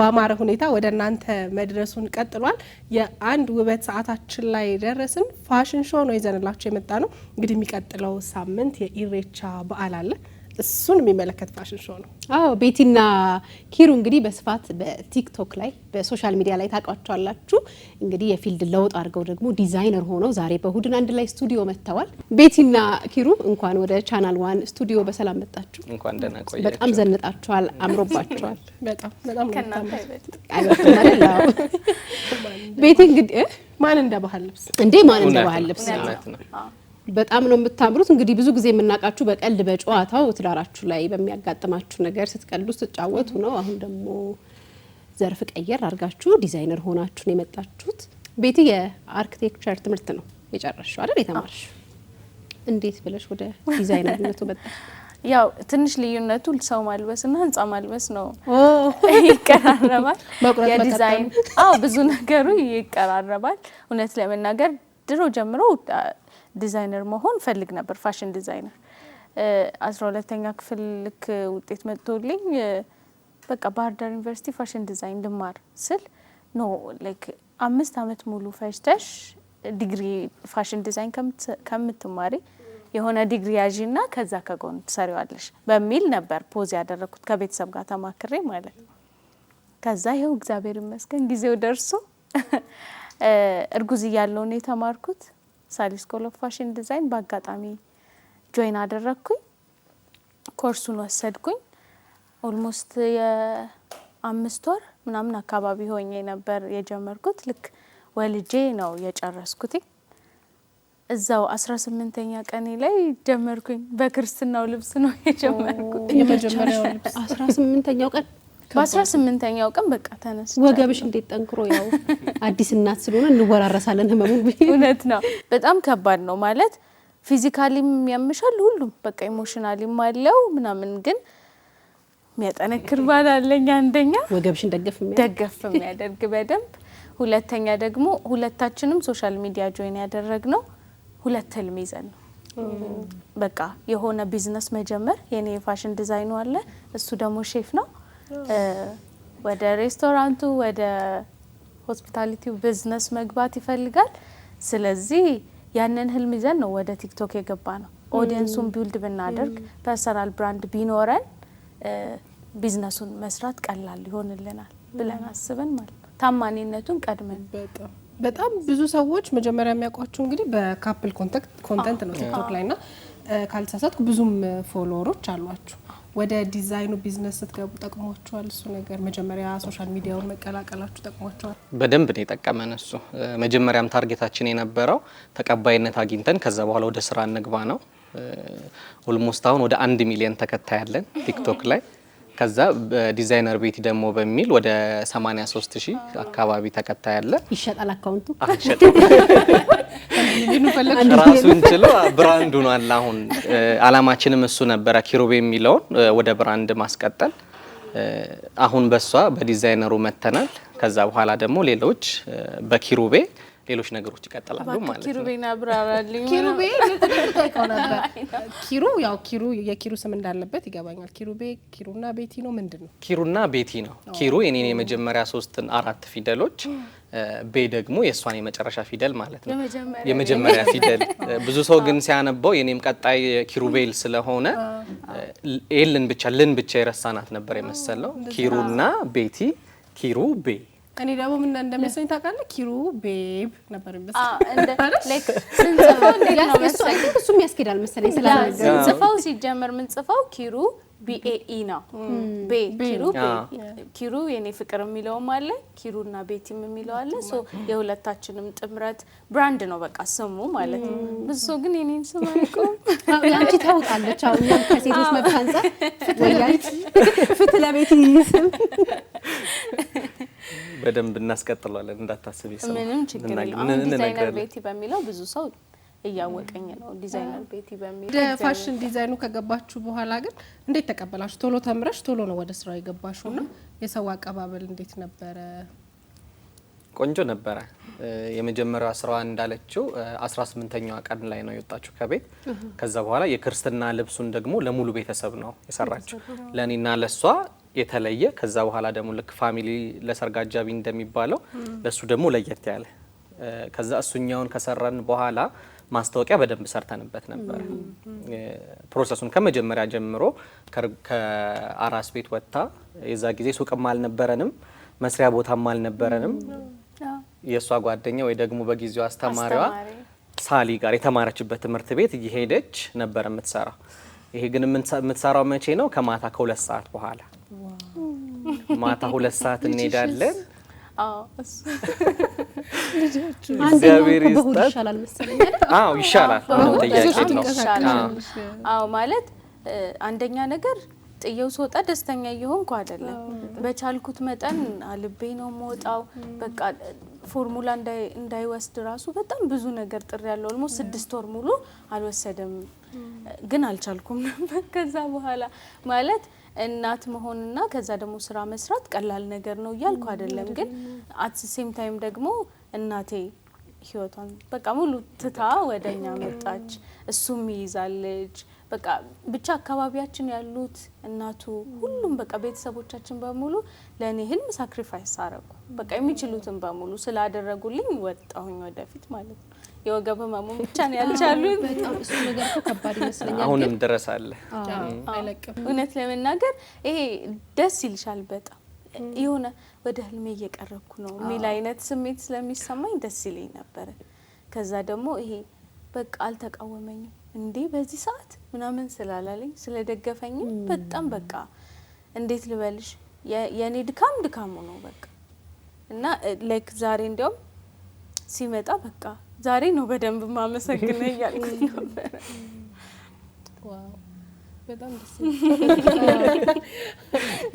በአማረ ሁኔታ ወደ እናንተ መድረሱን ቀጥሏል። የአንድ ውበት ሰዓታችን ላይ ደረስን። ፋሽን ሾ ነው ይዘንላቸው የመጣ ነው። እንግዲህ የሚቀጥለው ሳምንት የኢሬቻ በዓል አለ። እሱን የሚመለከት ፋሽን ሾው ነው። አዎ ቤቲና ኪሩ እንግዲህ በስፋት በቲክቶክ ላይ በሶሻል ሚዲያ ላይ ታውቋቸዋላችሁ። እንግዲህ የፊልድ ለውጥ አድርገው ደግሞ ዲዛይነር ሆነው ዛሬ በእሁድን አንድ ላይ ስቱዲዮ መጥተዋል። ቤቲና ኪሩ እንኳን ወደ ቻናል ዋን ስቱዲዮ በሰላም መጣችሁ። እንኳን ደህና ቆያችሁ። በጣም ዘንጣችኋል፣ አምሮባችኋል። በጣም ቤቲ እንግዲህ ማን እንደ ባህል ልብስ እንዴ ማን እንደ ባህል ልብስ ነው በጣም ነው የምታምሩት። እንግዲህ ብዙ ጊዜ የምናውቃችሁ በቀልድ በጨዋታው ትዳራችሁ ላይ በሚያጋጥማችሁ ነገር ስትቀልዱ ስትጫወቱ ነው። አሁን ደግሞ ዘርፍ ቀየር አድርጋችሁ ዲዛይነር ሆናችሁ ነው የመጣችሁት። ቤቲ የአርክቴክቸር ትምህርት ነው የጨረስሽው አይደል? የተማርሽ እንዴት ብለሽ ወደ ዲዛይነርነቱ በጣ ያው ትንሽ ልዩነቱ ሰው እና ህንጻ ማልበስ ነው። ይቀራረባል። የዲዛይን አዎ፣ ብዙ ነገሩ ይቀራረባል። እውነት ለመናገር ድሮ ጀምሮ ዲዛይነር መሆን ፈልግ ነበር፣ ፋሽን ዲዛይነር። አስራ ሁለተኛ ክፍል ልክ ውጤት መጥቶልኝ በቃ ባህር ዳር ዩኒቨርሲቲ ፋሽን ዲዛይን ልማር ስል ኖ ላይክ አምስት አመት ሙሉ ፈጅተሽ ዲግሪ ፋሽን ዲዛይን ከምትማሪ የሆነ ዲግሪ ያዥና ከዛ ከጎን ትሰሪዋለሽ በሚል ነበር ፖዝ ያደረግኩት ከቤተሰብ ጋር ተማክሬ ማለት ነው። ከዛ ይኸው እግዚአብሔር ይመስገን ጊዜው ደርሶ እርጉዝ እያለሁ ነው የተማርኩት። ሳሊ ስኩል ኦፍ ፋሽን ዲዛይን በአጋጣሚ ጆይን አደረግኩኝ። ኮርሱን ወሰድኩኝ። ኦልሞስት የአምስት ወር ምናምን አካባቢ ሆኜ ነበር የጀመርኩት። ልክ ወልጄ ነው የጨረስኩት። እዛው አስራ ስምንተኛ ቀኔ ላይ ጀመርኩኝ። በክርስትናው ልብስ ነው የጀመርኩት። የመጀመሪያው ልብስ አስራ ስምንተኛው ቀን በአስራ ስምንተኛው ቀን በቃ ተነስ። ወገብሽ እንዴት ጠንክሮ ያው አዲስ እናት ስለሆነ እንወራረሳለን ህመሙን። እውነት ነው፣ በጣም ከባድ ነው ማለት ፊዚካሊም ያምሻል፣ ሁሉም በቃ ኢሞሽናሊም አለው ምናምን ግን የሚያጠነክር ባል አለኝ። አንደኛ ወገብሽን ደገፍ ደገፍ የሚያደርግ በደንብ ሁለተኛ ደግሞ ሁለታችንም ሶሻል ሚዲያ ጆይን ያደረግ ነው ሁለት ህልም ይዘን ነው። በቃ የሆነ ቢዝነስ መጀመር የኔ የፋሽን ዲዛይኑ አለ እሱ ደግሞ ሼፍ ነው። ወደ ሬስቶራንቱ ወደ ሆስፒታሊቲው ቢዝነስ መግባት ይፈልጋል። ስለዚህ ያንን ህልም ይዘን ነው ወደ ቲክቶክ የገባ ነው። ኦዲየንሱን ቢውልድ ብናደርግ ፐርሰናል ብራንድ ቢኖረን ቢዝነሱን መስራት ቀላል ይሆንልናል ብለን አስበን ማለት ነው። ታማኒነቱን ቀድመን በጣም ብዙ ሰዎች መጀመሪያ የሚያውቋቸው እንግዲህ በካፕል ኮንተንት ነው ቲክቶክ ላይ ና ካልተሳሳትኩ ብዙም ፎሎወሮች አሏችሁ ወደ ዲዛይኑ ቢዝነስ ስትገቡ ጠቅሟቸዋል? እሱ ነገር መጀመሪያ ሶሻል ሚዲያውን መቀላቀላችሁ ጠቅሟቸዋል? በደንብ ነው የጠቀመን እሱ። መጀመሪያም ታርጌታችን የነበረው ተቀባይነት አግኝተን ከዛ በኋላ ወደ ስራ እንግባ ነው። ኦልሞስት አሁን ወደ አንድ ሚሊዮን ተከታይ ያለን ቲክቶክ ላይ ከዛ ዲዛይነር ቤቲ ደግሞ በሚል ወደ 83 ሺህ አካባቢ ተከታይ አለ። ይሸጣል። አካውንቱ ራሱን ችሎ ብራንድ ሆኗል። አሁን አላማችንም እሱ ነበረ፣ ኪሩቤ የሚለውን ወደ ብራንድ ማስቀጠል። አሁን በሷ በዲዛይነሩ መተናል። ከዛ በኋላ ደግሞ ሌሎች በኪሩቤ ሌሎች ነገሮች ይቀጥላሉ ማለት ነው። ኪሩቤን አብራራልኝ። ኪሩ ያው ኪሩ የኪሩ ስም እንዳለበት ይገባኛል። ኪሩቤ፣ ኪሩና ቤቲ ነው ምንድን ነው? ኪሩና ቤቲ ነው። ኪሩ የኔን የመጀመሪያ ሶስትን አራት ፊደሎች ቤ ደግሞ የእሷን የመጨረሻ ፊደል ማለት ነው። የመጀመሪያ ፊደል ብዙ ሰው ግን ሲያነባው የኔም ቀጣይ ኪሩቤል ስለሆነ ኤልን ብቻ ልን ብቻ የረሳናት ነበር የመሰለው ኪሩና ቤቲ ኪሩቤ እኔ ደግሞ ምን እንደሚመስለኝ ታውቃለህ? ኪሩ ቤብ ነበር የሚመስለኝ እሱ የሚያስኬዳል መሰለኝ ስንጽፈው፣ ሲጀምር ምን ጽፈው ኪሩ ቢኤኢ ነው። ቤ ኪሩ ኪሩ የኔ ፍቅር የሚለውም አለ ቤቲም የሚለው አለ። ሶ የሁለታችንም ጥምረት ብራንድ ነው በቃ ስሙ ማለት ነው። ብዙ ግን የኔን ስም አያውቀውም። ያንቺ ታውቃለች። አሁን ያን ከሴቶች መብት አንጻር ለቤት ስም በደንብ እናስቀጥለዋለን። እንዳታስብ ምንም ችግር ዲዛይነር ቤቲ በሚለው ብዙ ሰው እያወቀኝ ነው ዲዛይነር ቤቲ በሚል። ወደ ፋሽን ዲዛይኑ ከገባችሁ በኋላ ግን እንዴት ተቀበላችሁ? ቶሎ ተምረሽ ቶሎ ነው ወደ ስራው የገባችሁ ና የሰው አቀባበል እንዴት ነበረ? ቆንጆ ነበረ። የመጀመሪያዋ ስራዋ እንዳለችው አስራ ስምንተኛዋ ቀን ላይ ነው የወጣችው ከቤት። ከዛ በኋላ የክርስትና ልብሱን ደግሞ ለሙሉ ቤተሰብ ነው የሰራችው ለእኔና ለእሷ የተለየ ከዛ በኋላ ደግሞ ልክ ፋሚሊ ለሰርግ አጃቢ እንደሚባለው ለሱ ደግሞ ለየት ያለ ከዛ እሱኛውን ከሰራን በኋላ ማስታወቂያ በደንብ ሰርተንበት ነበር። ፕሮሰሱን ከመጀመሪያ ጀምሮ ከአራስ ቤት ወጥታ የዛ ጊዜ ሱቅም አልነበረንም፣ መስሪያ ቦታም አልነበረንም። የእሷ ጓደኛ ወይ ደግሞ በጊዜው አስተማሪዋ ሳሊ ጋር የተማረችበት ትምህርት ቤት እየሄደች ነበር የምትሰራው። ይሄ ግን የምትሰራው መቼ ነው? ከማታ ከሁለት ሰዓት በኋላ ማታ ሁለት ሰዓት እንሄዳለን እግዚአብሔር ይስጣል። ይሻላል ነው ማለት አንደኛ ነገር ጥየው ስወጣ ደስተኛ እየሆንኩ አይደለም። በቻልኩት መጠን አልቤ ነው የምወጣው። በቃ ፎርሙላ እንዳይወስድ ራሱ በጣም ብዙ ነገር ጥሪ ያለው አልሞ ስድስት ወር ሙሉ አልወሰደም፣ ግን አልቻልኩም ነበር ከዛ በኋላ ማለት እናት መሆንና ከዛ ደግሞ ስራ መስራት ቀላል ነገር ነው እያልኩ አይደለም። ግን አት ሴም ታይም ደግሞ እናቴ ህይወቷን በቃ ሙሉ ትታ ወደኛ መጣች። እሱም ይይዛለች በቃ ብቻ አካባቢያችን ያሉት እናቱ ሁሉም በቃ ቤተሰቦቻችን በሙሉ ለእኔ ህልም ሳክሪፋይስ አረጉ። በቃ የሚችሉትን በሙሉ ስላደረጉልኝ ወጣሁኝ ወደፊት ማለት ነው። የወገብ ህመሙ ብቻ ነው ያልቻሉን። እሱ ነገር ከባድ ይመስለኛል። አሁንም ድረስ አለ። እውነት ለመናገር ይሄ ደስ ይልሻል በጣም የሆነ ወደ ህልሜ እየቀረብኩ ነው የሚል አይነት ስሜት ስለሚሰማኝ ደስ ይለኝ ነበረ። ከዛ ደግሞ ይሄ በቃ አልተቃወመኝም እንዴ በዚህ ሰዓት ምናምን ስላላለኝ ስለደገፈኝም በጣም በቃ እንዴት ልበልሽ የእኔ ድካም ድካሙ ነው በቃ እና ላይክ ዛሬ እንዲያውም ሲመጣ በቃ ዛሬ ነው በደንብ ማመሰግነ እያልኩ ነበረ።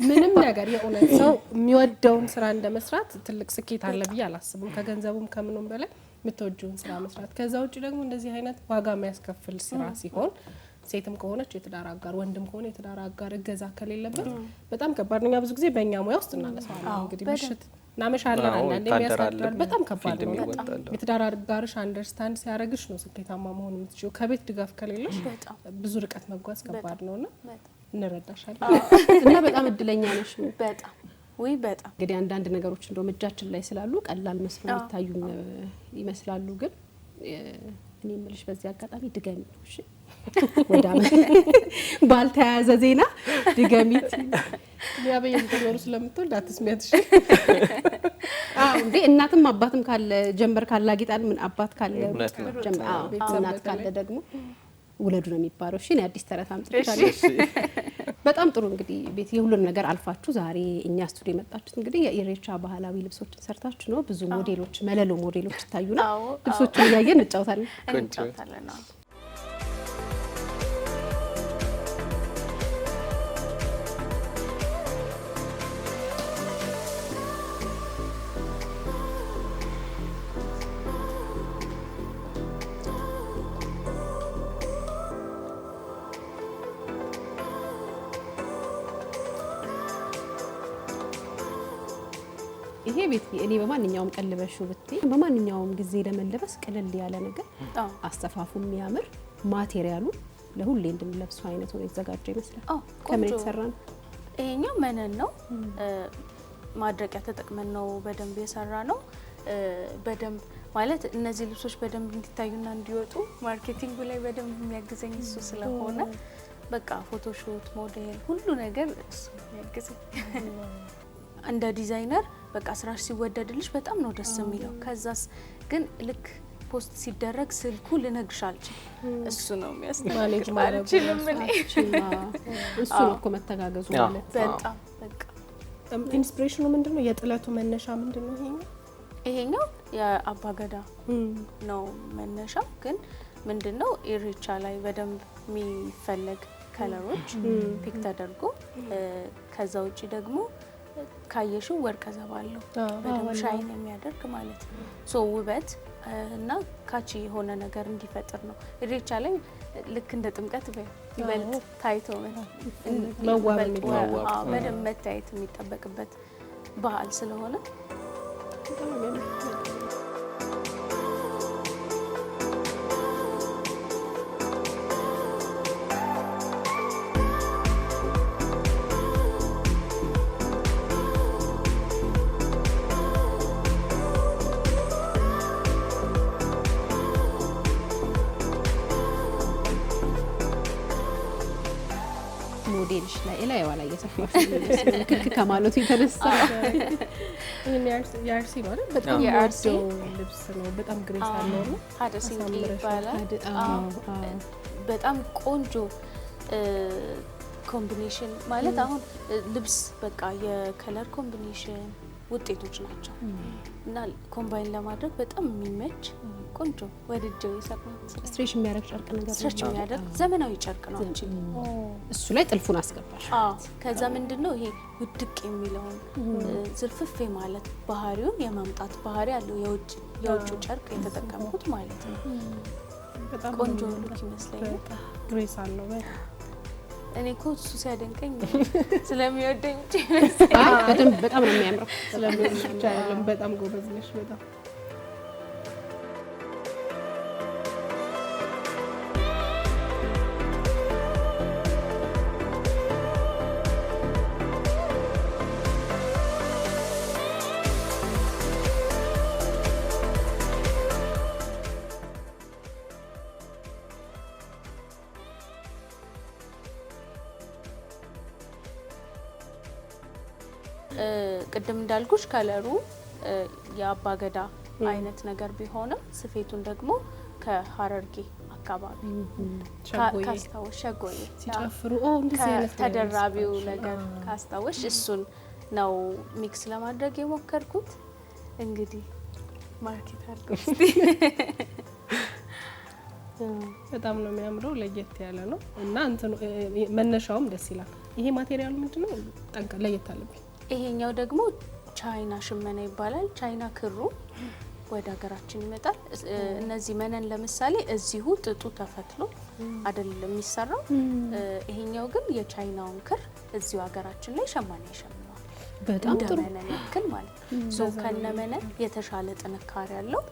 ምንም ነገር የእውነት ሰው የሚወደውን ስራ እንደ መስራት ትልቅ ስኬት አለ ብዬ አላስብም። ከገንዘቡም ከምኑም በላይ የምትወጂውን ስራ መስራት። ከዛ ውጭ ደግሞ እንደዚህ አይነት ዋጋ የሚያስከፍል ስራ ሲሆን ሴትም ከሆነች የትዳር አጋር ወንድም ከሆነ የትዳር አጋር እገዛ ከሌለበት በጣም ከባድ ነው። ብዙ ጊዜ በእኛ ሙያ ውስጥ እናነሳዋለን እንግዲህ ምሽት እናመሻለን፣ አንዳንዴ የሚያሳድራል። በጣም ከባድ ነው። በጣም የትዳር አጋርሽ አንደርስታንድ ሲያደርግሽ ነው ስኬታማ መሆን የምትችው። ከቤት ድጋፍ ከሌለሽ ብዙ ርቀት መጓዝ ከባድ ነው እና እንረዳሻለን እና በጣም እድለኛ ነሽ። በጣም ወይ በጣም እንግዲህ አንዳንድ ነገሮች እንደውም እጃችን ላይ ስላሉ ቀላል መስሎ የሚታዩ ይመስላሉ። ግን እኔ የምልሽ በዚህ አጋጣሚ ድጋሚ ነው ባልተያያዘ ዜና ድገሚት ሊያበየሩ ስለምትወልድ አትስሚያት። እንዴ እናትም አባትም ካለ ጀንበር ካለ ምን አባት ካለ እናት ካለ ደግሞ ውለዱ ነው የሚባለው። እሺ አዲስ ተረት አምጥቻለሁ። በጣም ጥሩ እንግዲህ ቤት የሁሉንም ነገር አልፋችሁ ዛሬ እኛ ስቱዲዮ የመጣችሁት እንግዲህ የኢሬቻ ባህላዊ ልብሶችን ሰርታችሁ ነው። ብዙ ሞዴሎች መለሎ ሞዴሎች ይታዩና ልብሶቹን እያየን እንጫወታለን እንጫወታለን። እኔ በማንኛውም ቀልበሹ ብት በማንኛውም ጊዜ ለመለበስ ቅልል ያለ ነገር አስተፋፉ የሚያምር ማቴሪያሉ ለሁሌ እንድንለብሱ አይነት ሆኖ የተዘጋጀ ይመስላል። ከምን የተሰራ ነው? ይሄኛው መነን ነው። ማድረቂያ ተጠቅመን ነው በደንብ የሰራ ነው። በደንብ ማለት እነዚህ ልብሶች በደንብ እንዲታዩና እንዲወጡ ማርኬቲንጉ ላይ በደንብ የሚያግዘኝ እሱ ስለሆነ በቃ ፎቶሾት፣ ሞዴል ሁሉ ነገር እሱ የሚያግዘኝ እንደ ዲዛይነር በቃ ስራሽ ሲወደድልሽ በጣም ነው ደስ የሚለው። ከዛስ ግን ልክ ፖስት ሲደረግ ስልኩ ልነግርሽ አልችልም። እሱ ነው የሚያስተናግድ አልችልም። እሱ እኮ መተጋገዙ ማለት በጣም በቃ ኢንስፒሬሽኑ ምንድን ነው? የጥለቱ መነሻ ምንድን ነው? ይሄኛው ይሄኛው የአባገዳ ነው መነሻ ግን ምንድን ነው ኢሬቻ ላይ በደንብ የሚፈለግ ከለሮች ፒክ ተደርጎ ከዛ ውጭ ደግሞ ካየሹ ወርቀ ዘባ አለው በደንብ ሻይን የሚያደርግ ማለት ነው። ሶ ውበት እና ካቺ የሆነ ነገር እንዲፈጥር ነው። ኢሬቻ ላይ ልክ እንደ ጥምቀት ይበልጥ ታይቶ በደንብ መታየት የሚጠበቅበት ባህል ስለሆነ ክክ ከማለቱ የተነሳ የአርሲ ማለት በጣም ልብስ ነው። በጣም ግሬስ አለው ነው ሀደ ሲንቄ ይባላል። በጣም ቆንጆ ኮምቢኔሽን ማለት አሁን ልብስ በቃ የከለር ኮምቢኔሽን ውጤቶች ናቸው እና ኮምባይን ለማድረግ በጣም የሚመች ቆንጆ ወድጀው የሰራት ስትሬች የሚያደርግ ጨርቅ ነገር ስትሬች የሚያደርግ ዘመናዊ ጨርቅ ነው እንጂ እሱ ላይ ጥልፉን አስገባሽ። ከዛ ምንድን ነው ይሄ ውድቅ የሚለውን ዝርፍፌ ማለት ባህሪውን የማምጣት ባህሪ ያለው የውጭ ጨርቅ የተጠቀምኩት ማለት ነው። ቆንጆ ሉክ ይመስለኛል። ግሬስ አለው እኔ እኮ እሱ ሲያደንቀኝ ስለሚወደኝ በጣም ነው የሚያምረው። ስለሚወደኝ ብቻ አይደለም፣ በጣም ጎበዝ ነሽ በጣም ቅድም እንዳልኩሽ ከለሩ የአባገዳ አይነት ነገር ቢሆንም ስፌቱን ደግሞ ከሀረርጌ አካባቢ ካስታወሽ ሸጎዬ ሲጨፍሩ ተደራቢው ነገር ካስታወሽ እሱን ነው ሚክስ ለማድረግ የሞከርኩት። እንግዲህ ማርኬት አድርገ በጣም ነው የሚያምረው። ለየት ያለ ነው እና መነሻውም ደስ ይላል። ይሄ ማቴሪያሉ ምንድነው? ለየት አለብኝ ይሄኛው ደግሞ ቻይና ሽመና ይባላል። ቻይና ክሩ ወደ ሀገራችን ይመጣል። እነዚህ መነን ለምሳሌ እዚሁ ጥጡ ተፈትሎ አይደለም የሚሰራው። ይሄኛው ግን የቻይናውን ክር እዚሁ ሀገራችን ላይ ሸማኔ ይሸምነዋል። በጣም ጥሩ መነን ያክል ማለት ነው። ከነ መነን የተሻለ ጥንካሬ አለው።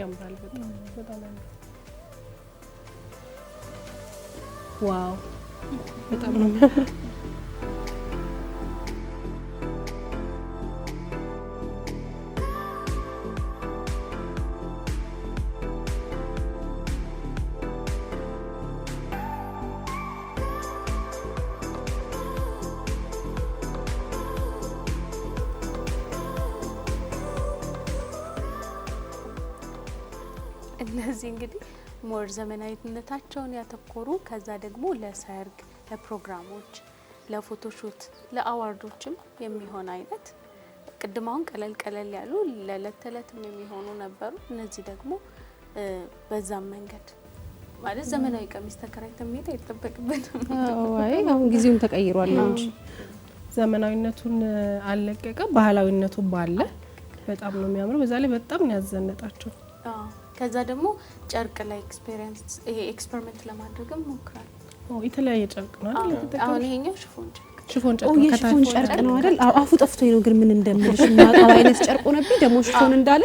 ያምራል። ዋው በጣም ነው እነዚህ እንግዲህ ሞር ዘመናዊነታቸውን ያተኮሩ ከዛ ደግሞ ለሰርግ፣ ለፕሮግራሞች፣ ለፎቶሹት፣ ለአዋርዶችም የሚሆን አይነት ቅድም አሁን ቀለል ቀለል ያሉ ለእለት ተዕለትም የሚሆኑ ነበሩ። እነዚህ ደግሞ በዛም መንገድ ማለት ዘመናዊ ቀሚስ ተከራይተን መሄድ አይጠበቅብንም። አሁን ጊዜውም ተቀይሯል ነው እንጂ ዘመናዊነቱን አለቀቀ፣ ባህላዊነቱ ባለ በጣም ነው የሚያምረው። በዛ ላይ በጣም ነው ያዘነጣቸው። ከዛ ደግሞ ጨርቅ ላይ ኤክስፔሪንስ ኤክስፐሪመንት ለማድረግም ሞክራል። የተለያየ ጨርቅ ነው አሁን ይሄኛው ሽፎን ጨርቅ ሽፎን ጨርቅ ነው አይደል? አፉ ጠፍቶ ነው ግን ምን እንደምልሽ ማጣው አይነት ጨርቅ ሆነብኝ። ደግሞ ሽፎን እንዳለ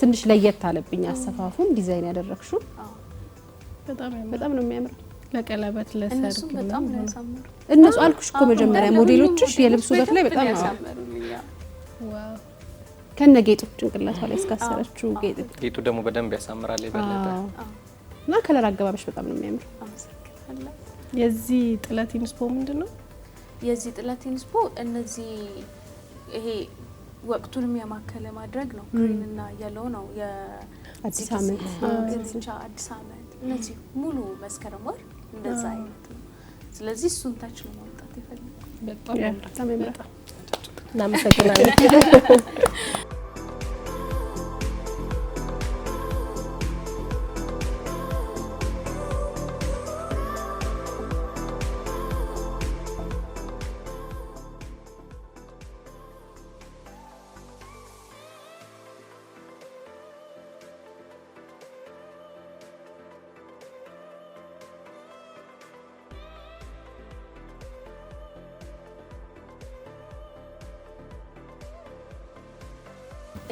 ትንሽ ለየት አለብኝ አሰፋፉም። ዲዛይን ያደረግሽው በጣም ነው የሚያምረው። ለቀለበት ለሰርግ እነሱ። አልኩሽ እኮ መጀመሪያ ሞዴሎችሽ የልብሱ ውበት ላይ በጣም ነው ከነ ጌጦች ጭንቅላቷ ላይ እስካሰረችው ጌጥ ጌጡ ደግሞ በደንብ ያሳምራል የበለጠ እና ከለር አገባበሽ በጣም ነው የሚያምረው። የዚህ ጥለት ኢንስፖ ምንድን ነው? የዚህ ጥለት ኢንስፖ እነዚህ ይሄ ወቅቱንም ያማከለ ማድረግ ነው። ግሪን እና የለው ነው የአዲስ አመት ብቻ አዲስ አመት እነዚህ ሙሉ መስከረም ወር እንደዛ አይነት ነው። ስለዚህ እሱን ታች ነው ማውጣት የፈለጉ በጣም ያምራል። እናመሰግናለን።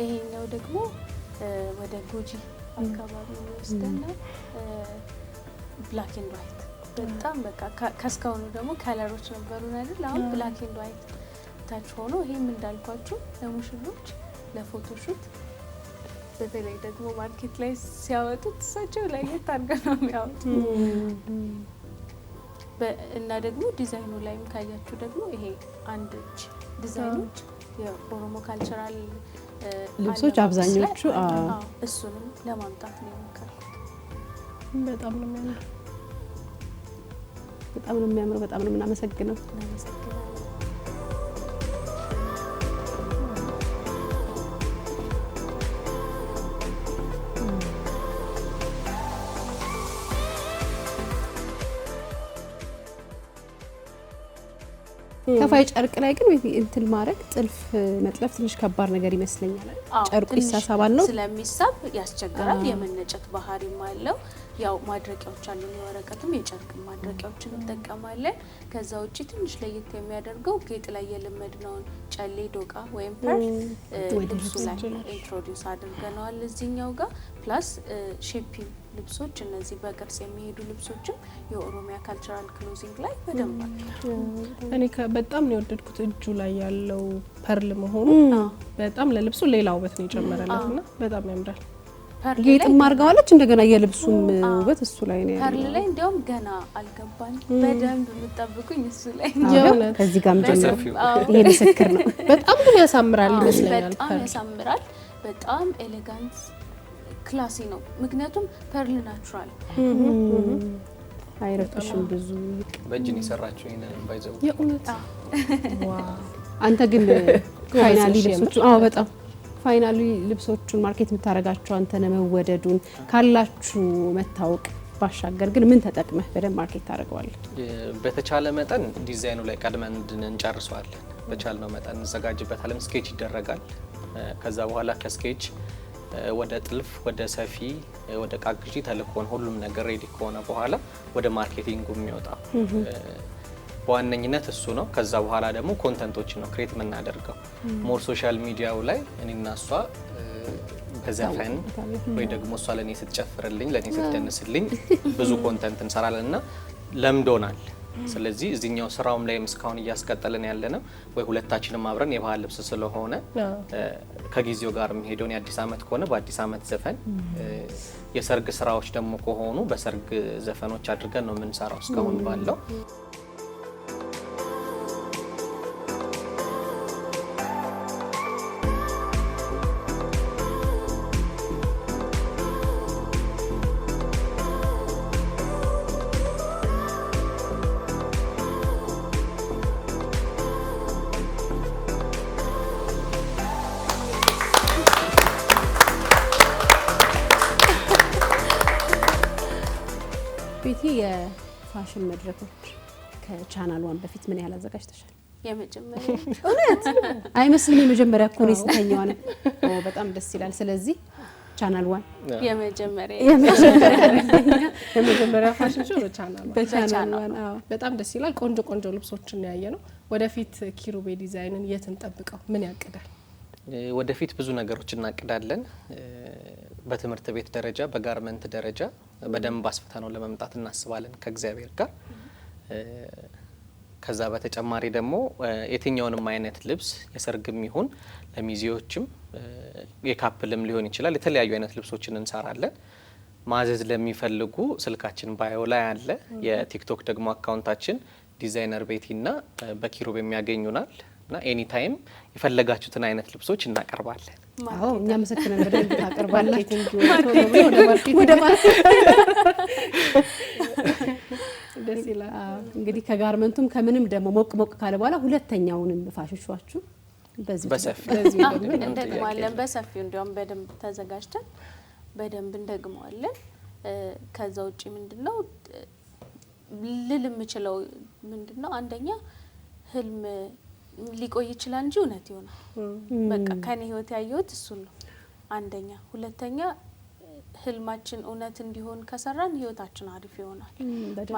ይሄኛው ደግሞ ወደ ጎጂ አካባቢ የሚወስደን ነው። ብላክ ኤንድ ዋይት በጣም በቃ ከእስካሁኑ ደግሞ ከለሮች ነበሩን አይደል? አሁን ብላክ ኤንድ ዋይት ታች ሆኖ ይሄም እንዳልኳችሁ ለሙሽሎች ለፎቶሹት በተለይ ደግሞ ማርኬት ላይ ሲያወጡት እሳቸው ለየት አድርገው ነው የሚያወጡት። እና ደግሞ ዲዛይኑ ላይም ካያችሁ ደግሞ ይሄ አንድ እጅ ዲዛይኖች የኦሮሞ ካልቸራል ልብሶች አብዛኞቹ እሱንም ለማምጣት ነው የሞከርኩት። በጣም ነው የሚያምር፣ በጣም ነው የሚያምር። በጣም ነው የምናመሰግነው። ከፋይ ጨርቅ ላይ ግን እንትን ማድረግ ጥልፍ መጥለፍ ትንሽ ከባድ ነገር ይመስለኛል። ጨርቁ ይሳሳባል ነው ስለሚሳብ ያስቸግራል። የመነጨት ባህሪም አለው። ያው ማድረቂያዎች አሉ፣ የወረቀትም የጨርቅ ማድረቂያዎች እንጠቀማለን። ከዛ ውጭ ትንሽ ለየት የሚያደርገው ጌጥ ላይ የለመድነውን ጨሌ ዶቃ ወይም ፐርል ልብሱ ላይ ኢንትሮዲውስ አድርገነዋል እዚህኛው ጋር ፕላስ ሼፒንግ ልብሶች እነዚህ በቅርጽ የሚሄዱ ልብሶችም የኦሮሚያ ካልቸራል ክሎዚንግ ላይ በደንብ እኔ በጣም ነው የወደድኩት እጁ ላይ ያለው ፐርል መሆኑ በጣም ለልብሱ ሌላ ውበት ነው የጨመረለት እና በጣም ያምራል። ጌጥም አድርገዋለች። እንደገና የልብሱም ውበት እሱ ላይ ነው ያለው። ፐርል ላይ እንዲያውም ገና አልገባኝ በደንብ የምጠብቁኝ እሱ ላይ ከዚህ ጋር ጀምሮ ይሄ ምስክር ነው። በጣም ግን ያሳምራል ይመስለኛል። በጣም ያሳምራል። በጣም ኤሌጋንት ክላሲ ነው። ምክንያቱም ፐርል ናቹራል አይረብሽም። ብዙ በእጅን የሰራቸው ይሄንን ባይዘው የእውነት አንተ ግን ፋይናሊ ልብሶቹ አዎ፣ በጣም ፋይናሊ ልብሶቹን ማርኬት የምታደርጋቸው አንተነ መወደዱን ካላችሁ መታወቅ ባሻገር ግን ምን ተጠቅመህ በደንብ ማርኬት ታደርገዋለህ? በተቻለ መጠን ዲዛይኑ ላይ ቀድመን እንጨርሰዋለን። በቻልነው መጠን እንዘጋጅበታለን። ስኬች ይደረጋል። ከዛ በኋላ ከስኬች ወደ ጥልፍ፣ ወደ ሰፊ፣ ወደ ዕቃ ተልኮን ሁሉም ነገር ሬዲ ከሆነ በኋላ ወደ ማርኬቲንጉ የሚወጣው በዋነኝነት እሱ ነው። ከዛ በኋላ ደግሞ ኮንተንቶችን ነው ክሬት የምናደርገው ሞር ሶሻል ሚዲያው ላይ እኔና እሷ በዘፈን ወይ ደግሞ እሷ ለእኔ ስትጨፍርልኝ ለእኔ ስትደንስልኝ ብዙ ኮንተንት እንሰራለን እና ለምዶናል። ስለዚህ እዚህኛው ስራውም ላይም እስካሁን እያስቀጠልን ያለነው ወይ ሁለታችንም አብረን የባህል ልብስ ስለሆነ ከጊዜው ጋር የሚሄደውን የአዲስ አመት ከሆነ በአዲስ አመት ዘፈን፣ የሰርግ ስራዎች ደግሞ ከሆኑ በሰርግ ዘፈኖች አድርገን ነው የምንሰራው እስካሁን ባለው የፋሽን መድረኮች ከቻናል ዋን በፊት ምን ያህል አዘጋጅተሻል? የመጀመሪያ እውነት አይመስልም። የመጀመሪያ እኮ ነው ስተኛዋ በጣም ደስ ይላል። ስለዚህ ቻናል ዋን የመጀመሪያ ፋሽን ሾው በቻናል ዋን በጣም ደስ ይላል። ቆንጆ ቆንጆ ልብሶችን ያየ ነው። ወደፊት ኪሩቤ ዲዛይንን የት እንጠብቀው? ምን ያቅዳል? ወደፊት ብዙ ነገሮች እናቅዳለን። በትምህርት ቤት ደረጃ በጋርመንት ደረጃ በደንብ ነው ለመምጣት እናስባለን ከእግዚአብሔር ጋር። ከዛ በተጨማሪ ደግሞ የትኛውንም አይነት ልብስ የሰርግም ይሁን ለሚዜዎችም የካፕልም ሊሆን ይችላል የተለያዩ አይነት ልብሶችን እንሰራለን። ማዘዝ ለሚፈልጉ ስልካችን ባዮ ላይ አለ። የቲክቶክ ደግሞ አካውንታችን ዲዛይነር ቤቲና በኪሩብ የሚያገኙናል። እና ኤኒታይም የፈለጋችሁትን አይነት ልብሶች እናቀርባለን። አዎ እኛ መሰክነን በደንብ ታቀርባላችሁ። ደስ ይላል። እንግዲህ ከጋርመንቱም ከምንም ደግሞ ሞቅ ሞቅ ካለ በኋላ ሁለተኛውንም ፋሽሿችሁ በሰፊው እንደግመዋለን። በሰፊው እንዲያውም በደንብ ተዘጋጅተን በደንብ እንደግመዋለን። ከዛ ውጭ ምንድን ነው ልል የምችለው ምንድን ነው አንደኛ ህልም ሊቆይ ይችላል እንጂ እውነት ይሆናል። በቃ ከኔ ህይወት ያየሁት እሱን ነው። አንደኛ ሁለተኛ ህልማችን እውነት እንዲሆን ከሰራን ህይወታችን አሪፍ ይሆናል።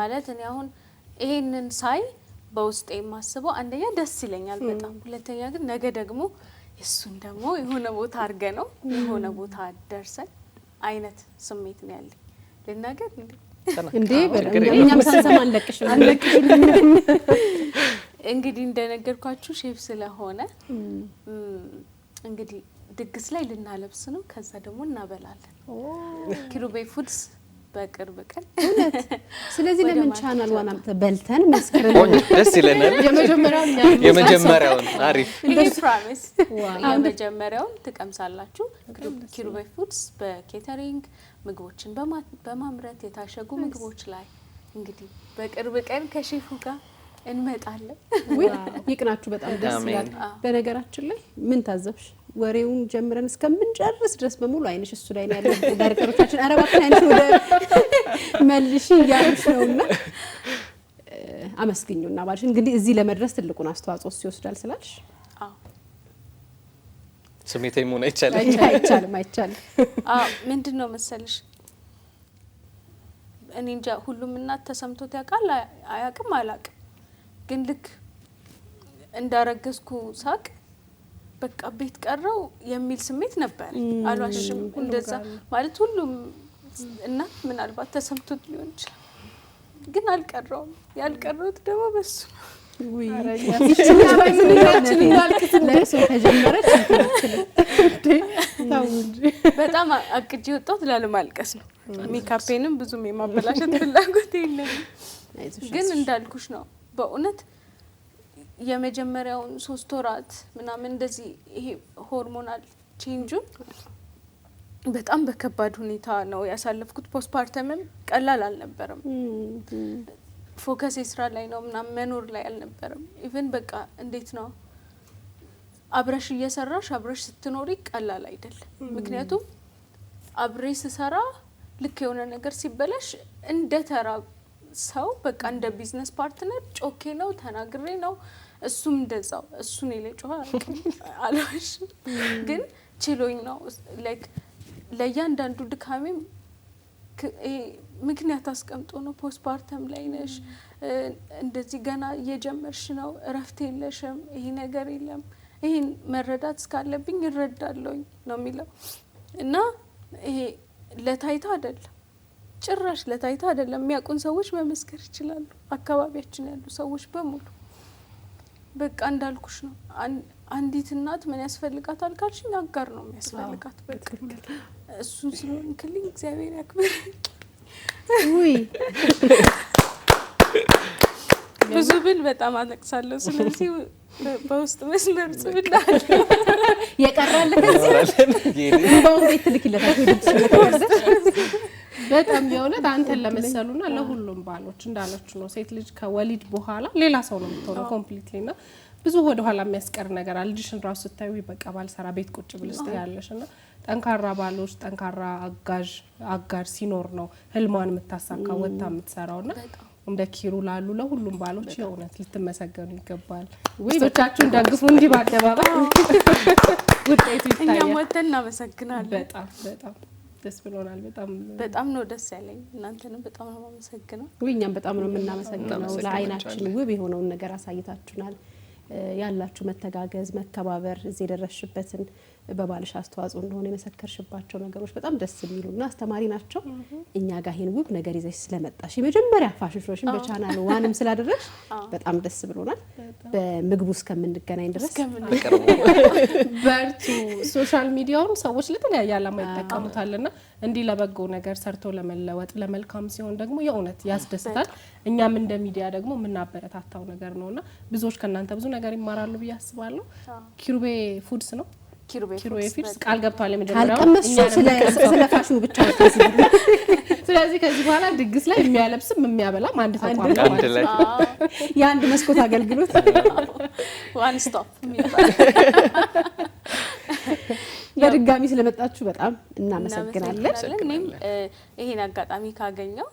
ማለት እኔ አሁን ይሄንን ሳይ በውስጤ የማስበው አንደኛ ደስ ይለኛል በጣም ሁለተኛ ግን ነገ ደግሞ እሱን ደግሞ የሆነ ቦታ አድርገ ነው የሆነ ቦታ ደርሰን አይነት ስሜት ነው ያለኝ። ልናገር እንዴ እኛም ሳንሰማ አንለቅሽ አንለቅሽ እንግዲህ እንደነገርኳችሁ ሼፍ ስለሆነ እንግዲህ ድግስ ላይ ልናለብስ ነው። ከዛ ደግሞ እናበላለን። ኪሩቤ ፉድስ በቅርብ ቀን። ስለዚህ ለምን ቻናል ዋና በልተን መስክር ደስ ይለናል። የመጀመሪያውን አሪፍ ፕሮሚስ፣ የመጀመሪያውን ትቀምሳላችሁ። ኪሩቤ ፉድስ በኬተሪንግ ምግቦችን በማምረት የታሸጉ ምግቦች ላይ እንግዲህ በቅርብ ቀን ከሼፉ ጋር እንመጣለን። ይቅናችሁ። በጣም ደስ ይላል። በነገራችን ላይ ምን ታዘብሽ? ወሬውን ጀምረን እስከምንጨርስ ድረስ በሙሉ አይንሽ እሱ ላይ ያለ ወደ መልሽ እያሉሽ እና ባልሽ እንግዲህ እዚህ ለመድረስ ትልቁን አስተዋጽኦ ስላልሽ መሆን አይቻልም አይቻልም አይቻልም። ምንድን ነው መሰልሽ እኔ እንጃ ሁሉም እናት ተሰምቶት ያውቃል አያውቅም አላውቅም ግን ልክ እንዳረገዝኩ ሳቅ በቃ ቤት ቀረው የሚል ስሜት ነበር። አሏሽም እንደዛ ማለት ሁሉም እና ምናልባት ተሰምቶት ሊሆን ይችላል፣ ግን አልቀረውም። ያልቀረውት ደግሞ በሱ በጣም አቅጅ የወጣሁት ላለማልቀስ ነው። ሜካፔንም ብዙም የማበላሸት ፍላጎት የለም፣ ግን እንዳልኩሽ ነው በእውነት የመጀመሪያውን ሶስት ወራት ምናምን እንደዚህ ይሄ ሆርሞናል ቼንጁን በጣም በከባድ ሁኔታ ነው ያሳለፍኩት። ፖስትፓርተምም ቀላል አልነበረም። ፎከስ የስራ ላይ ነው ምናምን መኖር ላይ አልነበረም። ኢቨን በቃ እንዴት ነው አብረሽ እየሰራሽ አብረሽ ስትኖሪ ቀላል አይደለም። ምክንያቱም አብሬ ስሰራ ልክ የሆነ ነገር ሲበላሽ እንደ ተራ ሰው በቃ እንደ ቢዝነስ ፓርትነር ጮኬ ነው ተናግሬ ነው እሱም እንደዛው እሱን የለጮኸ አለሽ ግን ችሎኝ ነው ላይክ ለእያንዳንዱ ድካሜ ምክንያት አስቀምጦ ነው። ፖስት ላይ ነሽ፣ እንደዚህ ገና እየጀመርሽ ነው፣ እረፍት የለሽም፣ ይሄ ነገር የለም፣ ይህን መረዳት እስካለብኝ እረዳለሁኝ ነው የሚለው እና ይሄ ለታይታ አይደለም ጭራሽ ለታይታ አይደለም የሚያውቁን ሰዎች መመስከር ይችላሉ። አካባቢያችን ያሉ ሰዎች በሙሉ በቃ እንዳልኩሽ ነው። አንዲት እናት ምን ያስፈልጋታል ካልሽኝ አጋር ነው የሚያስፈልጋት። በትክክል እሱን ስለሆንክልኝ እግዚአብሔር ያክብር። ውይ ብዙ ብል በጣም አለቅሳለሁ። ስለዚህ በውስጥ መስመር ጽብላ የቀራለ ባሁን ቤት ትልክለታል በጣም የእውነት አንተን ለመሰሉና ለሁሉም ባሎች እንዳለች ነው። ሴት ልጅ ከወሊድ በኋላ ሌላ ሰው ነው የምትሆነው ኮምፕሊትሊ ና ብዙ ወደ ኋላ የሚያስቀር ነገር አለ። ልጅሽን ራሱ ስታዩ በቃ ባልሰራ ቤት ቁጭ ብልስ ያለሽ እና ጠንካራ ባሎች፣ ጠንካራ አጋዥ አጋር ሲኖር ነው ህልሟን የምታሳካ ወታ የምትሰራው ና እንደ ኪሩ ላሉ ለሁሉም ባሎች የእውነት ልትመሰገኑ ይገባል። ሚስቶቻችሁን ደግፉ፣ እንዲህ በአደባባይ ውጤቱ ይታያል። እኛም ወተን እናመሰግናለን። በጣም በጣም ደስ ብሎናል። በጣም በጣም ነው ደስ ያለኝ። እናንተንም በጣም ነው የማመሰግነው። እኛም በጣም ነው የምናመሰግነው። ለአይናችን ውብ የሆነውን ነገር አሳይታችሁናል። ያላችሁ መተጋገዝ፣ መከባበር፣ እዚህ የደረሽበትን በባልሽ አስተዋጽኦ እንደሆነ የመሰከርሽባቸው ነገሮች በጣም ደስ የሚሉና አስተማሪ ናቸው። እኛ ጋር ይህን ውብ ነገር ይዘሽ ስለመጣሽ የመጀመሪያ ፋሽሾሽን በቻናል ዋንም ስላደረሽ በጣም ደስ ብሎናል። በምግቡ እስከምንገናኝ ድረስ በርቱ። ሶሻል ሚዲያውን ሰዎች ለተለያየ ዓላማ ይጠቀሙታልና እንዲህ ለበጎ ነገር ሰርቶ ለመለወጥ ለመልካም ሲሆን ደግሞ የእውነት ያስደስታል። እኛም እንደ ሚዲያ ደግሞ የምናበረታታው ነገር ነውና ብዙዎች ከእናንተ ብዙ ነገር ይማራሉ ብዬ አስባለሁ። ኪሩቤ ፉድስ ነው ኪሩቤል ቃል ገብቷል። ስለ ፋሽኑ ብቻ ስለዚህ ከዚህ በኋላ ድግስ ላይ የሚያለብስም የሚያበላም አንድ ተቋም የአንድ መስኮት አገልግሎት ዋን ስቶፕ። በድጋሚ ስለመጣችሁ በጣም እናመሰግናለን። እኔም ይሄን አጋጣሚ ካገኘው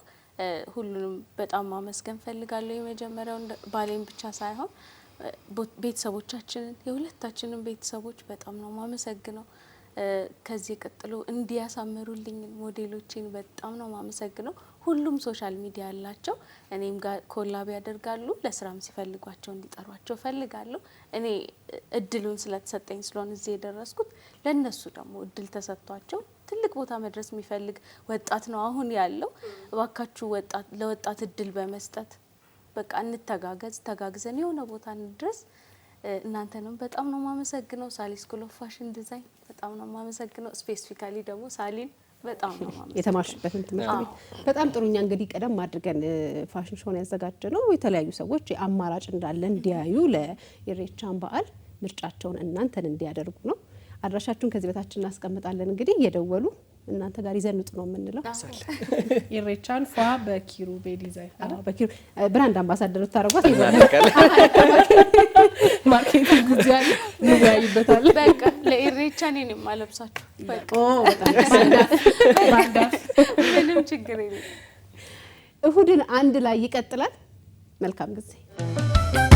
ሁሉንም በጣም ማመስገን ፈልጋለሁ። የመጀመሪያውን ባሌን ብቻ ሳይሆን ቤተሰቦቻችንን የሁለታችንን ቤተሰቦች በጣም ነው ማመሰግነው። ከዚህ ቀጥሎ እንዲያሳምሩልኝ ሞዴሎችን በጣም ነው ማመሰግነው። ሁሉም ሶሻል ሚዲያ አላቸው። እኔም ጋር ኮላብ ያደርጋሉ። ለስራም ሲፈልጓቸው እንዲጠሯቸው ፈልጋለሁ። እኔ እድሉን ስለተሰጠኝ ስለሆነ እዚህ የደረስኩት ለእነሱ ደግሞ እድል ተሰጥቷቸው ትልቅ ቦታ መድረስ የሚፈልግ ወጣት ነው አሁን ያለው። እባካችሁ ለወጣት እድል በመስጠት በቃ እንተጋገዝ፣ ተጋግዘን የሆነ ቦታ እንድረስ። እናንተንም በጣም ነው ማመሰግነው። ሳሊ ስኩል ኦፍ ፋሽን ዲዛይን በጣም ነው ማመሰግነው። ስፔሲፊካሊ ደግሞ ሳሊን በጣም ነው የተማርሽበትን ትምህርት ቤት በጣም ጥሩ። እንግዲህ ቀደም አድርገን ፋሽን ሾውን ያዘጋጀ ነው የተለያዩ ሰዎች አማራጭ እንዳለ እንዲያዩ ለኢሬቻን በዓል ምርጫቸውን እናንተን እንዲያደርጉ ነው። አድራሻችሁን ከዚህ በታችን እናስቀምጣለን። እንግዲህ እየደወሉ እናንተ ጋር ይዘንጡ ነው የምንለው። ኢሬቻን ፏ በኪሩቤ ዲዛይን ብራንድ አምባሳደር ታደረጓት ማርኬቲንግ ጉዳይ እንወያይበታለን። በቃ ለኢሬቻ እኔን የማለብሳችሁ ምንም ችግር የለም። እሁድን አንድ ላይ ይቀጥላል። መልካም ጊዜ